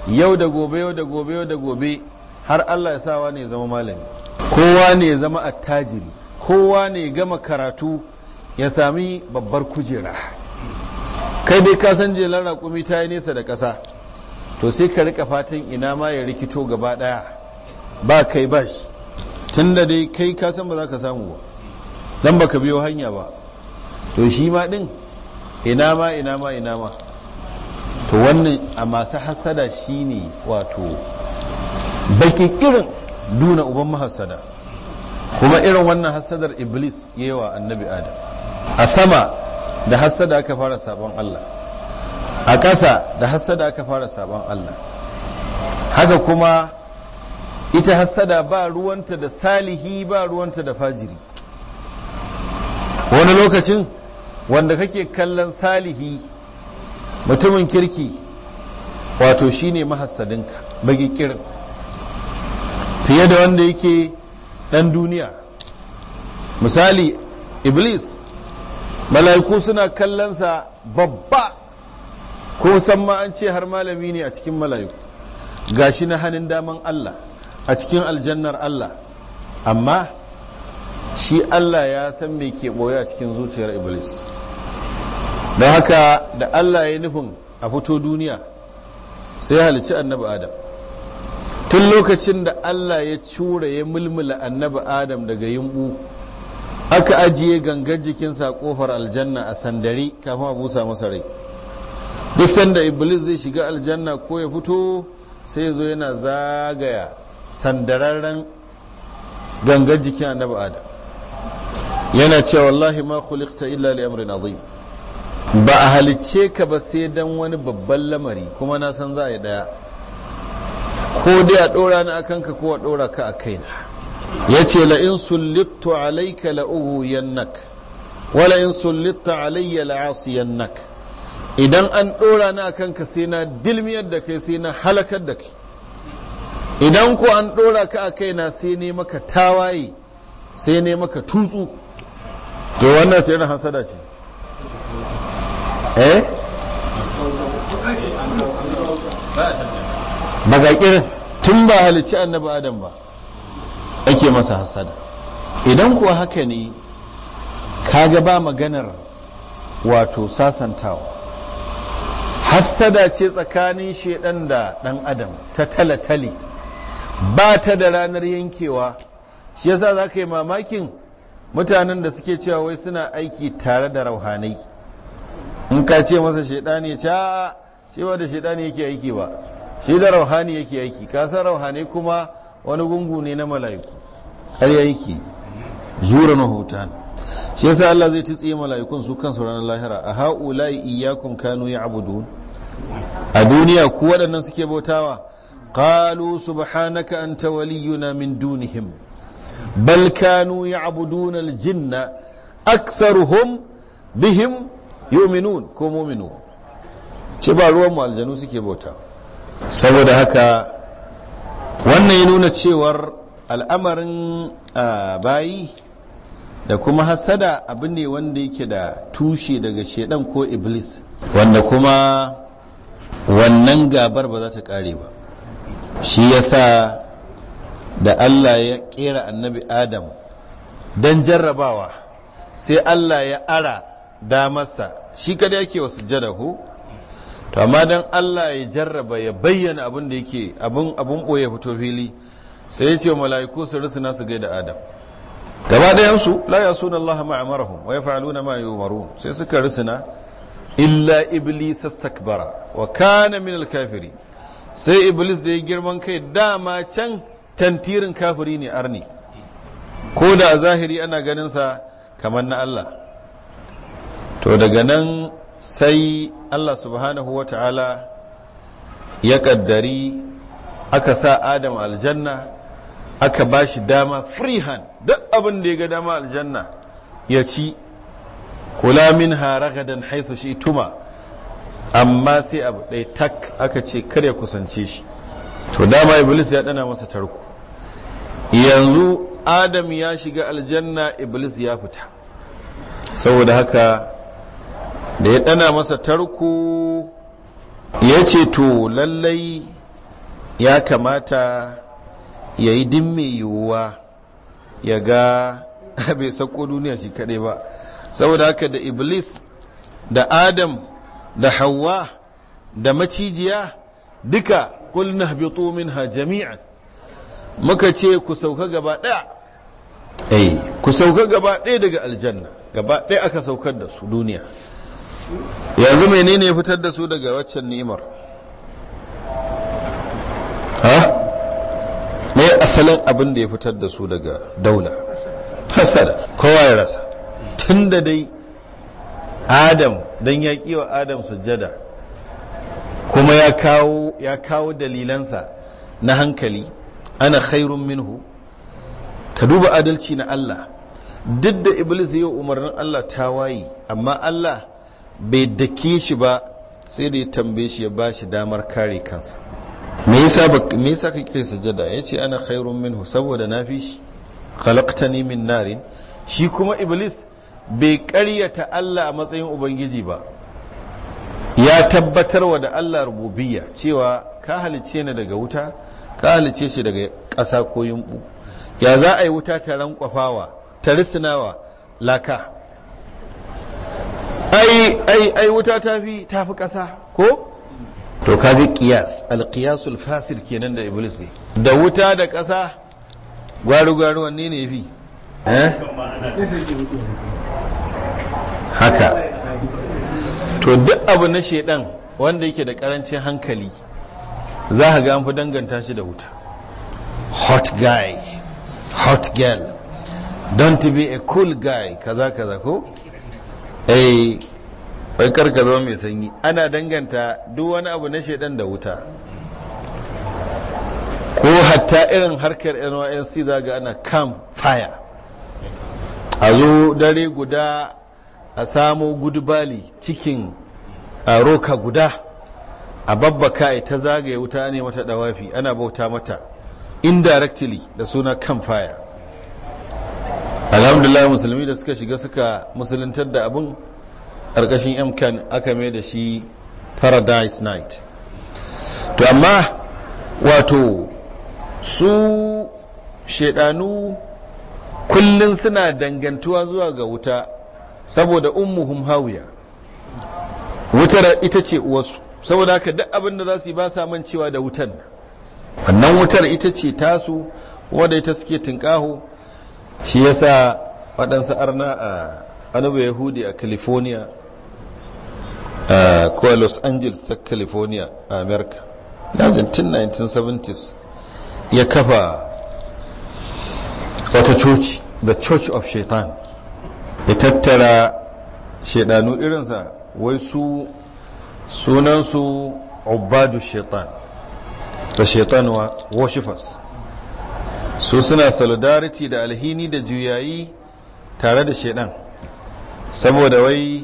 yau da gobe yau da gobe yau da gobe har allah ya sawa ne zama malami kowa ne ya zama attajiri kowa ne gama karatu ya sami babbar kujera kai dai ka san jelar raƙumi ta yi nesa da ƙasa to sai ka rika fatan ina ma ya rikito gaba daya ba kai ba shi tun da dai kai ka san ba za ka samu ba ba baka biyo hanya ba to shi ma din. ina ma ina ma ina ma to wannan a masu hasada shine wato bakin irin duna uban mahasada kuma irin wannan hasadar iblis yewa annabi adam a sama da hasada aka fara sabon allah a ƙasa da hasada aka fara sabon allah haka kuma ita hasada ba ruwanta da salihi ba ruwanta da fajiri wani lokacin wanda kake kallon salihi mutumin kirki wato shine mahassadinka bagi kirin fiye da wanda yake ɗan duniya misali iblis mala'iku suna kallonsa babba ko san ma an ce har malami ne a cikin mala'iku gashi na hannun daman Allah a cikin aljannar Allah amma shi Allah ya san mai ke ɓoye a cikin zuciyar iblis don haka da Allah ya nufin a fito duniya sai halici annabi adam tun lokacin da allah ya cura ya mulmula annabi adam daga yimbu aka ajiye gangar jikinsa kofar aljanna a sandare kafin a busa masa duk sanda iblis zai shiga aljanna ko ya fito sai zo yana zagaya sandararren gangar jikin annabi adam yana cewa wallahi ma khuliqta illa li amrin azim ba a halicce ka ba sai dan wani babban lamari kuma na san za a yi daya ko dai a ɗora ni akan ka ko a ɗora ka a kaina ya ce la in sullittu alaika yannak wala in sullitta alayya yannak idan an ɗora ni akan ka sai na dilmiyar da kai sai na halakar da kai idan ko an ɗora ka a kaina sai ne maka tawaye sai ne maka tutsu to wannan ce irin hasada ce eh bagaƙir tun ba halicci annabi adam ba ake masa hasada idan kuwa haka ne kaga ba maganar wato sasantawa hasada ce tsakanin shedan da ɗan adam ta talatali ba ta da ranar yankewa shi yasa za ka yi mamakin mutanen da suke cewa wai suna aiki tare da rauhanai in ka ce masa shedani ya ce ba da shedani yake aiki ba shi da rauhani yake aiki kasan rauhani kuma wani gungu ne na mala'iku har yake zura na hutan shi yasa Allah zai tsiye mala'ikun su kansu ranar lahira a haula iyakum kanu ya'budun a duniya ku waɗannan suke bautawa qalu subhanaka anta waliyuna min dunihim bal kanu ya'buduna aljinna aktharuhum bihim yu'minun ko mu'minun ce ba ruwan mu aljanu suke bautawa saboda haka wannan ya nuna cewar al'amarin bayi da kuma hasada abu ne wanda yake da tushe daga shedan ko iblis wanda kuma wannan gabar ba za ta kare ba shi yasa da allah ya kera annabi adam don jarrabawa sai allah ya ara damarsa shi kada yake wa sujjada ko to amma dan Allah ya jarraba ya bayyana abin da yake abin abin boye fito fili sai ya ce mala'iku su rusuna su gaida adam gaba da su la yasuna Allah ma amarahum wa yaf'aluna ma yumarun sai suka rusuna illa iblis astakbara wa kana min al-kafiri sai iblis da ya girman kai dama can tantirin kafiri ne arni ko da zahiri ana ganin sa kamar na Allah to daga nan sai allah subhanahu wa ta'ala ya kaddari aka sa adam aljanna aka ba shi dama free hand duk abin da ya ga dama aljanna ya ci kula min haragadan haithu shi tuma amma sai abu ɗaya tak aka ce karya kusance shi to dama iblis ya ɗana masa tarko yanzu adam ya shiga aljanna iblis ya fita saboda haka da ya ɗana masa tarko ya ce to lallai ya kamata ya yi din yiwuwa ya ga bai sako duniya shi kaɗai ba saboda haka da iblis da adam da hawa da macijiya duka kul na ha jami'an muka ce ku sauka gaba ɗaya eh, ku sauka gaba ɗaya daga aljanna gaba ɗaya aka saukar da su duniya yanzu menene fitar da su daga waccan ni'imar ha asalin abin da ya fitar da su daga daula hasada kowa ya rasa tun da dai adam don ya wa adam sujada kuma ya kawo dalilansa na hankali ana khairun minhu ka duba adalci na Allah duk da iblis yau umarnin Allah ta waye amma Allah bai dake shi ba sai da ya tambaye shi ya ba shi damar kare kansa me yasa ka kai sujada ya ce ana khairun minhu saboda na fi shi khalaqtani min narin shi kuma iblis bai karyata Allah a matsayin ubangiji ba ya tabbatar wa da Allah rububiyya cewa ka halice ni daga wuta ka halice shi daga ƙasa ko yumbu ya za a yi wuta ta rankwafawa ta risnawa laka ai ai ai wuta ta fi ta fi ƙasa ko to kaji kiyas, alqiyasul kenan da iblis ne da wuta da ƙasa gwaru gwaru wanne ne fi eh? haka to duk abu na shaidan wanda yake da karancin hankali za a ga an fi danganta shi da wuta hot guy hot girl don't be a cool guy kaza kaza ko eh bai karka zama mai sanyi ana danganta duk wani abu na shaidan da wuta ko hatta irin harkar nysc za ga ana kam fire a zo dare guda a samo gudubali cikin a roka guda a babbaka ta zagaye wuta ne mata dawafi ana bauta mata indirectly da suna kan fire alhamdulillah musulmi da suka shiga suka musuluntar da abun ƙarƙashin yankan aka mai da shi paradise night to amma wato su shaidanu kullum suna dangantuwa zuwa ga wuta saboda ummuhum hawiya wutar ita ce wasu saboda haka duk abin da za su yi ba sa mancewa da wutan wannan wutar ita ce tasu wadda ita suke tunƙaho shi ya sa waɗansu arna a anubu yahudi a california ko los angeles ta california a america tun 1970s ya kafa wata coci the church of shaitan ya tattara shaidanu irinsa wai su sunansu Obadu shaitan da shaitan wa su suna solidarity da alhini da juyayi tare da shaidan saboda wai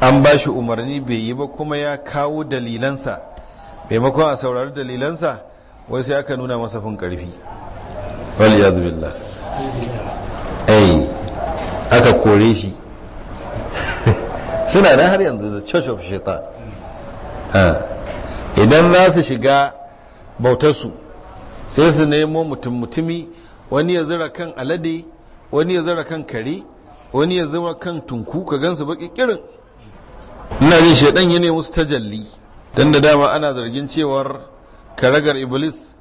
an ba shi umarni bai yi ba kuma ya kawo dalilansa maimakon a saurari dalilansa wai sai aka nuna masa fin karfi waliyadu ai aka kore shi suna na har yanzu da church of shaitan idan za su shiga bautarsu sai su nemo mutum mutumi wani ya zira kan alade wani ya zira kan kare wani ya zama kan tunku ka gansu baki kirin ina jin shaidan ya nemi su tajalli don da dama ana zargin cewar karagar iblis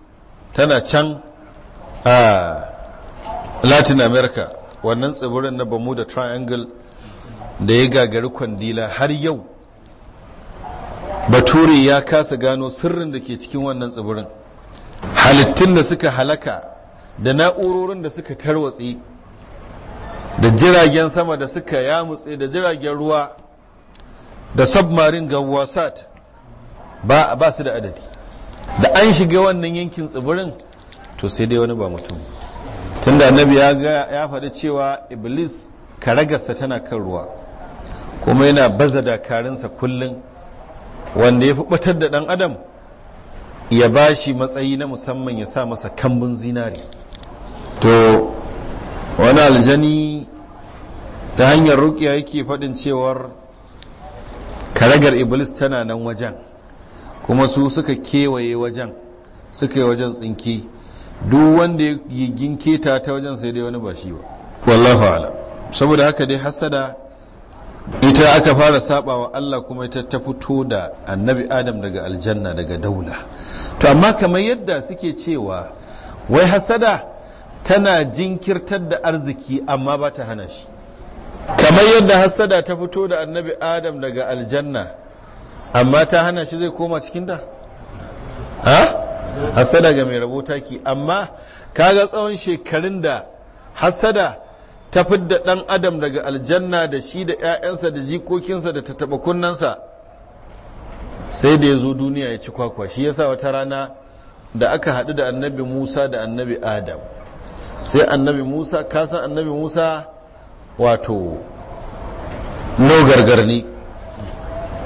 tana can a latin america wannan tsibirin na bermuda triangle da ya gagari kwandila har yau bature ya kasa gano sirrin da ke cikin wannan tsibirin halittun da suka halaka da na'urorin da suka tarwatse da jiragen sama da suka yamutse da jiragen ruwa da submarin wasat ba, ba su da adadi da an shiga wannan yankin tsibirin to sai dai wani ba mutum tunda annabi ya ga ya faɗi cewa iblis karagarsa tana kan ruwa kuma yana baza dakarinsa kullum wanda ya fi ɓatar da ɗan adam ya ba shi matsayi na musamman ya sa masa kambun zinari to wani aljani ta hanyar rukiya yake faɗin cewar karagar iblis tana nan wajen kuma su suka kewaye wajen suka yi wajen tsinki duk wanda ya yi ginketa ta wajen sai dai wani ba shi ba wallahu ala saboda haka dai hasada ita aka fara wa Allah kuma ita ta fito da annabi adam daga aljanna daga daula to amma kamar yadda suke cewa wai hasada tana jinkirtar da arziki amma ba ta hana shi kamar yadda hasada ta fito da annabi adam daga aljanna amma ta hana shi zai koma cikin da ha hasada ga mai rabo taki amma kaga tsawon shekarun da hasada ta fidda ɗan adam daga aljanna da shi da 'ya'yansa da jikokinsa da ta taba kunnansa sai da ya zo duniya ya ci kwakwa shi ya sa wata rana da aka haɗu da annabi musa da annabi adam sai annabi musa kasan annabi musa wato no gargarni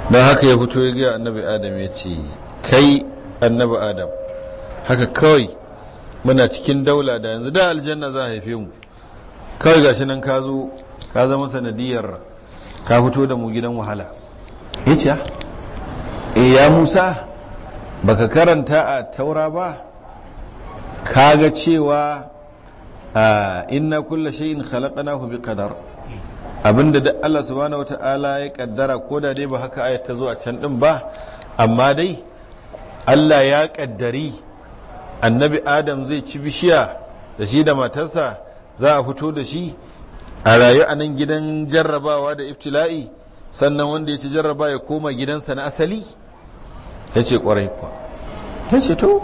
don haka ya fito ya gaya annabi adam ya ce kai annabi adam haka kawai muna cikin daula da yanzu da aljanna za a haife mu kawai gashi nan ka zo ka zama sanadiyar ka fito da mu gidan wahala ya ce eh, ya musa baka karanta a taura ba ka ga cewa inna kulla shay'in khalaqnahu bi qadar abinda da Allah subhanahu wata'ala ya kaddara ko da dai ba haka ayat ta zo a can din ba amma dai Allah ya kaddari annabi Adam zai ci bishiya da shi da matarsa za a fito da shi a rayu a nan gidan jarrabawa da iftila'i sannan wanda ya ci jarraba ya koma gidansa na asali ya ce kwarai kuwa ya ce to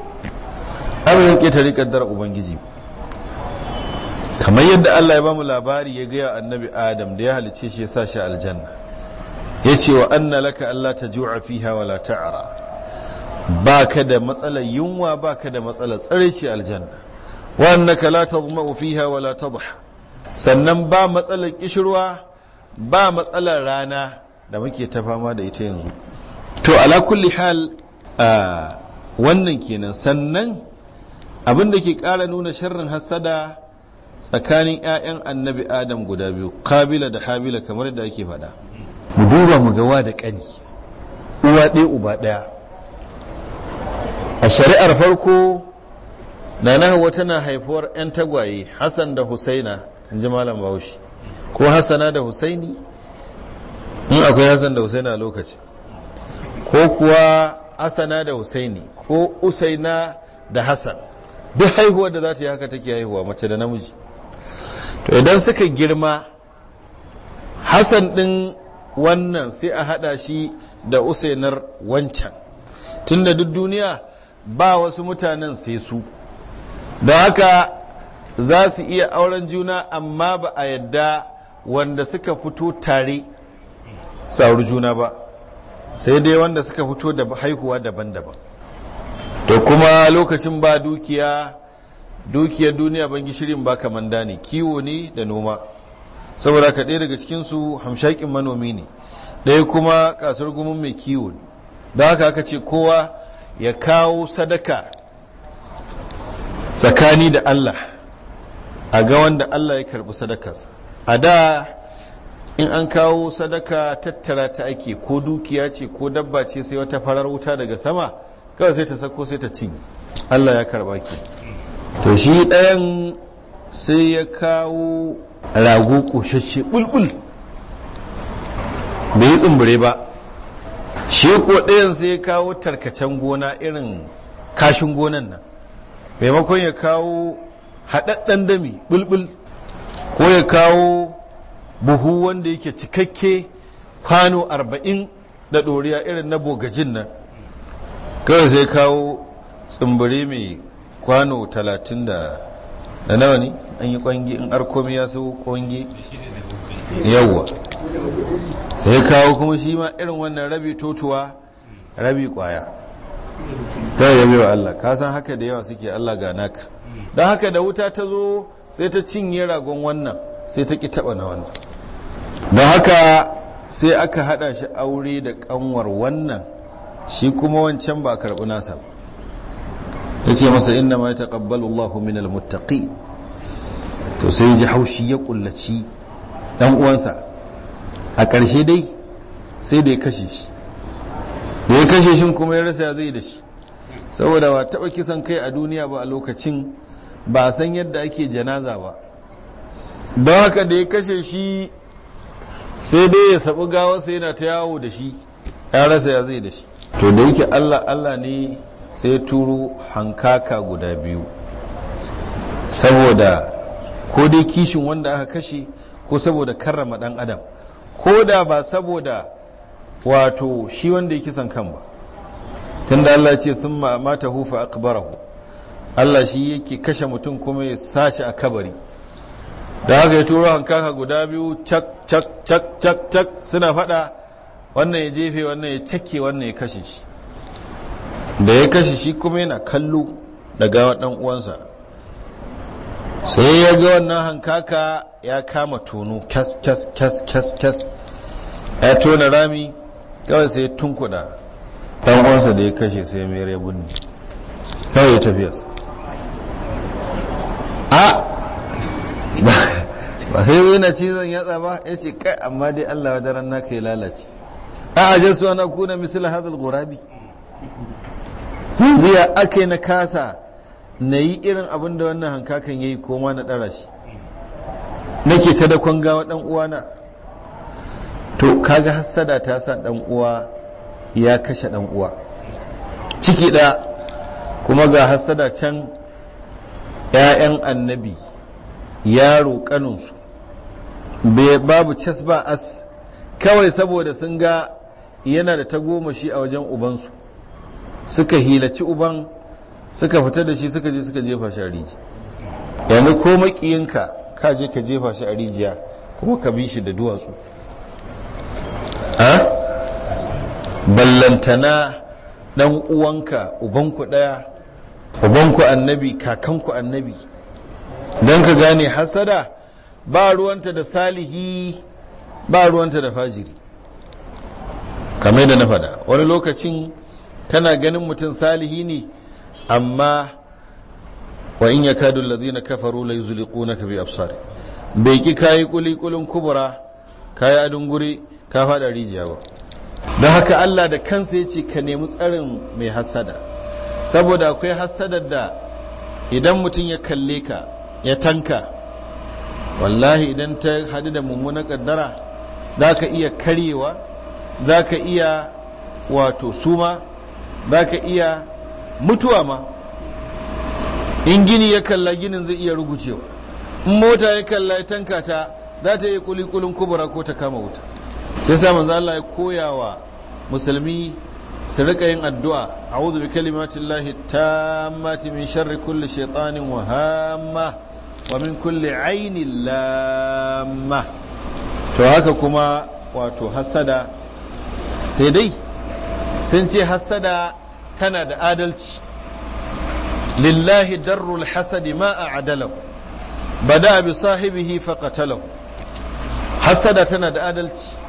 abin ƙetare ƙaddar ubangiji kamar yadda allah ya bamu labari ya gaya annabi adam da ya halice shi ya sa shi aljanna ya ce wa anna laka allah ta ju'a fiha wala ta'ara ba ka da matsalar yunwa ba ka da matsalar tsare shi aljanna Wannan annaka la tazma'u fiha wa la zuha sannan ba matsalar kishirwa ba matsalar rana da muke ta fama da ita yanzu to ala kulli hal wannan kenan sannan abin da ke ƙara nuna shirin hasada tsakanin 'ya'yan annabi adam guda biyu kabila da habila kamar da ake faɗa mu duba mu gawa da ƙani uwa ɗaya uba ɗaya a shari'ar farko nana hawa tana haifuwar 'yan tagwaye hassan da husaina in ji malam bahaushe ko hassana da husaini in akwai hassan da husaina a lokaci ko kuwa hassana da husaini ko usaina da hassan duk haihuwar da za ta yi haka take haihuwa mace da namiji to idan suka girma hassan din wannan sai a hada shi da usainar wancan tun da duk duniya ba wasu mutanen sai su don haka za su iya auren juna amma ba a yadda wanda suka fito tare sauri juna ba sai dai wanda suka fito da haihuwa daban-daban to kuma lokacin ba dukiya dukiyar duniya ban shirin ba kamar da ne kiwo ne da noma saboda ka ɗaya daga cikinsu hamshakin manomi ne ɗaya kuma kasar gumin mai kiwo ne da haka aka ce kowa ya kawo sadaka tsakani da Allah a ga wanda Allah ya karbi sadakarsa a da in an kawo sadaka tattara ta ake ko dukiya ce ko dabba ce sai wata farar wuta daga sama kawai sai ta sako sai ta cin Allah ya karba ki to shi ɗayan sai ya kawo rago ƙoshashe bulbul bai yi tsumbure ba shi ko ɗayan sai ya kawo tarkacen gona irin kashin gonan nan maimakon ya kawo haɗaɗɗen dami bulbul ko ya kawo buhu wanda yake cikakke kwano arba'in da ɗoriya irin na bogajin nan kawai sai kawo tsimbiri mai kwano talatin da da nawa ne an yi kwangi in arkomi ya sau kwangi yawwa sai kawo kuma shi ma irin wannan rabi totuwa rabi kwaya ta yabe wa Allah ka san haka da yawa suke Allah ga naka don haka da wuta ta zo sai ta cinye ragon wannan sai ta ki taɓa na wannan don haka sai aka haɗa shi aure da ƙanwar wannan shi kuma wancan ba karɓi nasa ba ya ce masa inna ma taqabbalu Allahu min almuttaqi to sai ji haushi ya kullaci ɗan'uwansa. uwansa a ƙarshe dai sai da ya kashe shi kashe shi kuma ya rasa ya zai da shi saboda ba taba kisan kai a duniya ba a lokacin ba san yadda ake janaza ba don haka da ya kashe shi sai dai ya sabu gawarsa yana ta yawo da shi ya rasa ya zai da shi to da yake allah allah ne sai ya turo hankaka guda biyu saboda ko dai kishin wanda aka kashe ko saboda karrama dan adam ko da ba saboda wato shi wanda ya kisan kan ba tunda Allah ce sun mata hufa akbarahu Allah shi yake kashe mutum kuma ya sa shi a kabari da haka ya turo hankaka guda biyu cak cak cak cak cak suna fada wannan ya jefe wannan ya cake wannan ya kashe shi da ya kashe shi kuma yana kallo daga ɗan uwansa sai ya ga wannan hankaka ya kama tono kyas kyas kyas kyas kyas ya tona rami kawai sai tunkuda dan uwansa da ya kashe sai mere ya bunni kawai ya tafiya a ba sai zai na cizon yatsa ba ya ce kai amma dai Allah wa daren naka ya lalace a ajiyar su ana kuna misil hazal gurabi ziya aka na kasa na yi irin abin da wannan hankakan ya yi koma na ɗara shi nake ta da kwanga wa ɗan uwana to kaga hassada ta sa dan uwa ya kashe dan uwa ciki da kuma ga hassada can 'ya'yan annabi yaro bai babu cas ba as kawai saboda sun ga yana da ta tagomashi a wajen ubansu suka hilaci uban suka fita da shi suka je suka jefa shi a rijiya yanzu ko makiyinka ka je ka jefa shi a rijiya kuma ka bi shi da duwatsu a ballantana ɗan uwanka ubanku ɗaya, ubanku annabi kakanku annabi don ka gane hasada ba ruwanta da salihi ba ruwanta da fajiri kamar da na fada wani lokacin tana ganin mutum salihi ne amma wa in lazi na kafaru zuliku na kabi absari bai ki kayi kulikulin kubura kayi adunguri ka fada rijiya ba don haka Allah da kansa ya ce ka nemi tsarin mai hasada saboda akwai hasadar da idan mutum ya kalle ka ya tanka wallahi idan ta hadu da mummunan kaddara za ka iya karyewa za ka iya wato suma za ka iya mutuwa ma in gini ya kalla ginin zai iya rugucewa in mota ya kalla ya tanka ta za ta iya kulikulin kubura ko ta kama wuta sai sa manzo Allah ya koyawa musulmi su rika yin addu'a a'udhu bi kalimatillahi tammati min sharri kulli shaytanin wa hamma wa min kulli ainin lamma to haka kuma wato hasada sai dai sun ce hasada tana da adalci lillahi darrul hasadi ma a adalahu bada bi sahibihi faqatalahu hasada tana da adalci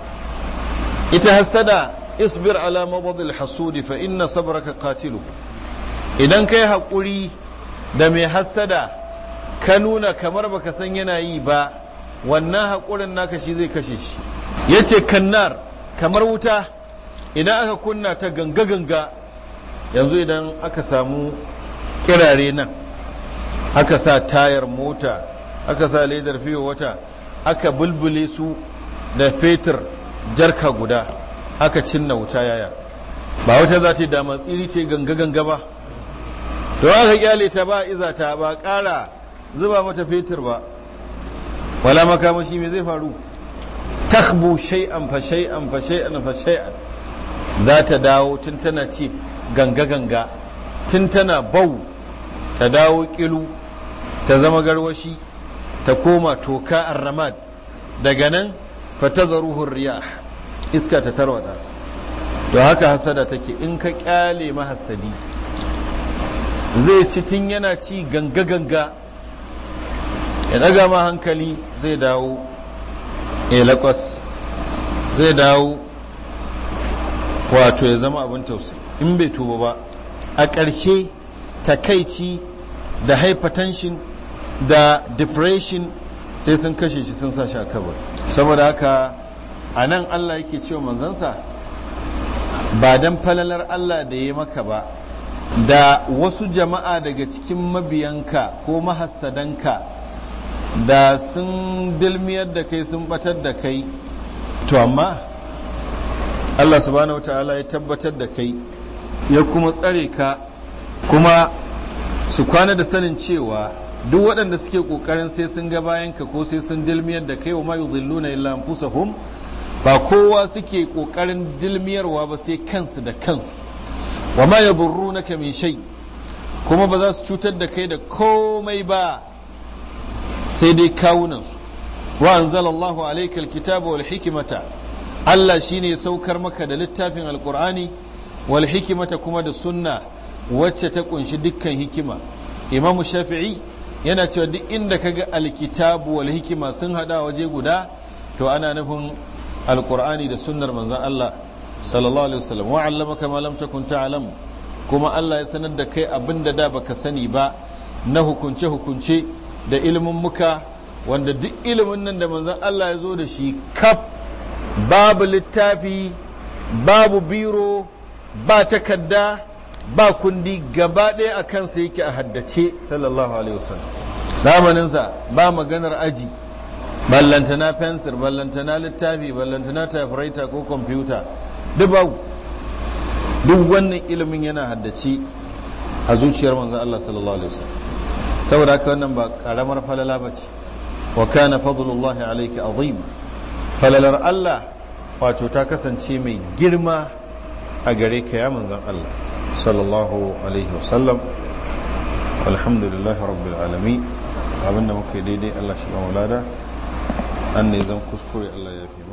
ita hasada isbir ala mabadil hasudi fa inna sabraka qatilu idan kai haƙuri da mai hasada ka nuna kamar baka san yana yi ba wannan haƙurin naka shi zai kashe shi ya ce kannar kamar wuta idan aka kunna ta ganga-ganga yanzu idan aka samu kirare nan aka sa tayar mota aka sa ledar fiye wata aka bulbule su da fetur jarka guda haka cinna wuta yaya ba wuta za ta yi dama tsiri ce ganga-ganga ba to aka kyale ta ba iza ta ba kara zuba mata fetur ba wala makamashi mai zai faru takhbu shay'an fa shay'an fa shay'an fa shay'an za ta dawo tun tana ci ganga-ganga tun tana bau ta dawo kilu ta zama garwashi ta koma toka ramad daga nan fatazaruhu riyah iska ta tarwada to haka hasada take in ka kyale mahasadi zai ci tun yana ci ganga ganga ya daga ma hankali zai dawo ya lakwas zai dawo wato ya zama abin tausayi in bai tuba ba a ƙarshe takaici da hypertension da depression sai sun kashe shi sun sa shi a kabar saboda haka a nan allah yake cewa manzansa ba don falalar allah da ya maka ba da wasu jama'a daga cikin mabiyanka ko mahassadanka da sun dilmiyar da kai sun batar da kai to amma allah subhanahu ta'ala ya tabbatar da kai ya kuma tsare ka kuma su kwana da sanin cewa duk waɗanda suke ƙoƙarin sai sun ga bayan ka ko sai sun dilmiyar da kai wa ma yudhilluna illa anfusahum ba kowa suke ƙoƙarin dilmiyarwa ba sai kansu da kansu wa ma yadurrunaka min shai? kuma ba za su cutar da kai da komai ba sai dai kawunansu wa anzalallahu alaykal kitaba wal hikmata Allah shine saukar maka da littafin alqur'ani wal hikimata kuma da sunna wacce ta kunshi dukkan hikima imamu shafi'i yana cewa duk inda kaga alkitabu wal hikima sun hada waje guda to ana nufin alkur'ani da sunnar manzan Allah sallallahu alaihi wasallam wa allamaka ma lam takun ta'lam kuma Allah ya sanar da kai abinda da baka sani ba na hukunce hukunce da ilimin muka wanda duk ilimin nan da manzan Allah ya zo da shi kaf babu littafi babu biro ba takarda ba kundi gaba ɗaya a kansa yake a haddace sallallahu alaihi wasallam zamaninsa ba maganar aji ballantana fensir ballantana littafi ballantana typewriter ko kwamfuta duk ba duk wannan ilimin yana haddace a zuciyar manzon Allah sallallahu alaihi wasallam saboda haka wannan ba karamar falala ba ce wa kana fadlullahi alayka azima falalar Allah wato ta kasance mai girma a gare ka ya manzon Allah صلى الله عليه وسلم والحمد لله رب العالمين muke daidai Allah shi ba mulada kuskure ya